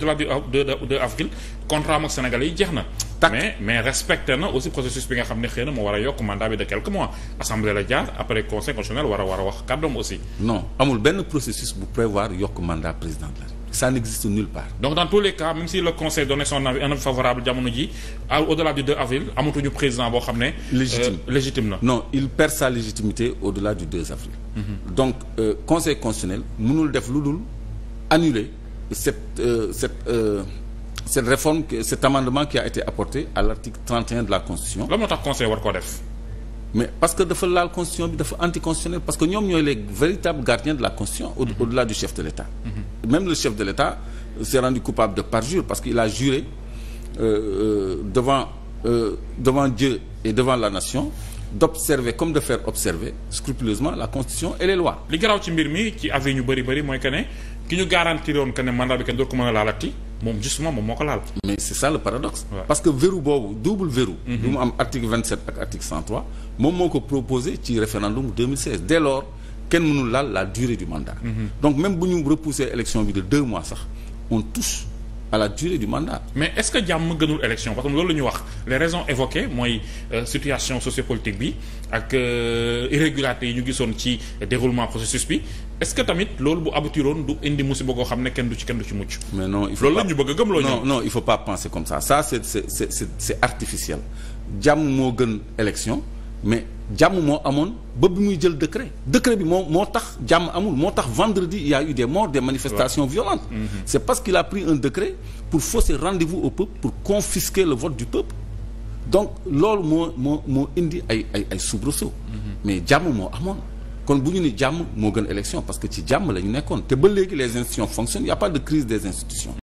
delà du de de avril contrat ak sénégalais yi jeex na. mais mais respecte na aussi processus bi nga xam ne xëy na moo war a yokk mandat bi de quelques mois assemblée la jaar après conseil constitutionnel war a war a wax kàddoom aussi. non amul benn processus bu prévoir yokk mandat président de la République ça n'existe nulle part. donc dans tous les cas même si le conseil donne son avis un avis favorable jamono ji au-delà du 2 avril amatuñu président boo xam ne. Euh, légitime légitime na. non il perd sa légitimité au-delà du 2 mhm. donc euh, conseil mënul def lu dul cette euh, cette euh, cette réforme cet amendement qui a été apporté à l'article 31 de la constitution. lan moo tax conseil war koo def. mais parce que dafa laal constitution bi dafa anticonstitutionnel parce que ñoom ñooy les véritables gardiens de la constitution. au, mm -hmm. au-delà du chef de l'État. Mm -hmm. même le chef de l'État s'est rendu coupable de parjure parce qu'il a juré euh, euh, euh, devant Dieu et devant la nation. d'observer comme de faire observer scrupuleusement la constitution et les lois. li ci mbir mi ci avis ñu bëri bëri mooy que ki ñu garantir woon ne mandat bi kenn dootu ko mën a laalati moom justement moom moo ko laal. mais c'est ça le paradoxe. parce que verrou boobu double verrou. Mm-hmm. bi mu am article 27 ak article moom moo ko proposé ci référendum 2016 dès lors kenn mënul laal la durée du mandat. Mm-hmm. donc même bu ñu repousser élection bi de deux mois sax on touche. à la durée du mandat. mais est-ce que jàmm gënul élection parce que loolu la ñu wax les raisons évoquées mooy euh, situation sociopolitique bi ak euh, irrégularité yi ñu gisoon ci déroulement processus bi est-ce que tamit loolu bu abutiroon du indi musiba goo xam ne kenn du ci kenn du ci mucc. mais non il faut loolu la ñu bëgg gëm loo non non il faut pas penser comme ça c'est c'est c'est artificiel jàmm moo gën élection. mais jàmm moo amoon ba bi muy jël décret décret bi moo moo tax jàmm amul moo tax vendredi il y a eu des morts des manifestations violentes mm c'est parce qu'il a pris un décret pour fausser rendez-vous au peuple pour confisquer le vote du peuple donc loolu moo moo moo indi ay ay ay soubresauts mm-hmm. mais jàmm moo amoon kon bu ñu ni jàmm moo gën élection parce que ci jàmm la nekkoon te ba léegi les institutions fonctionnent il y pas de crise des institutions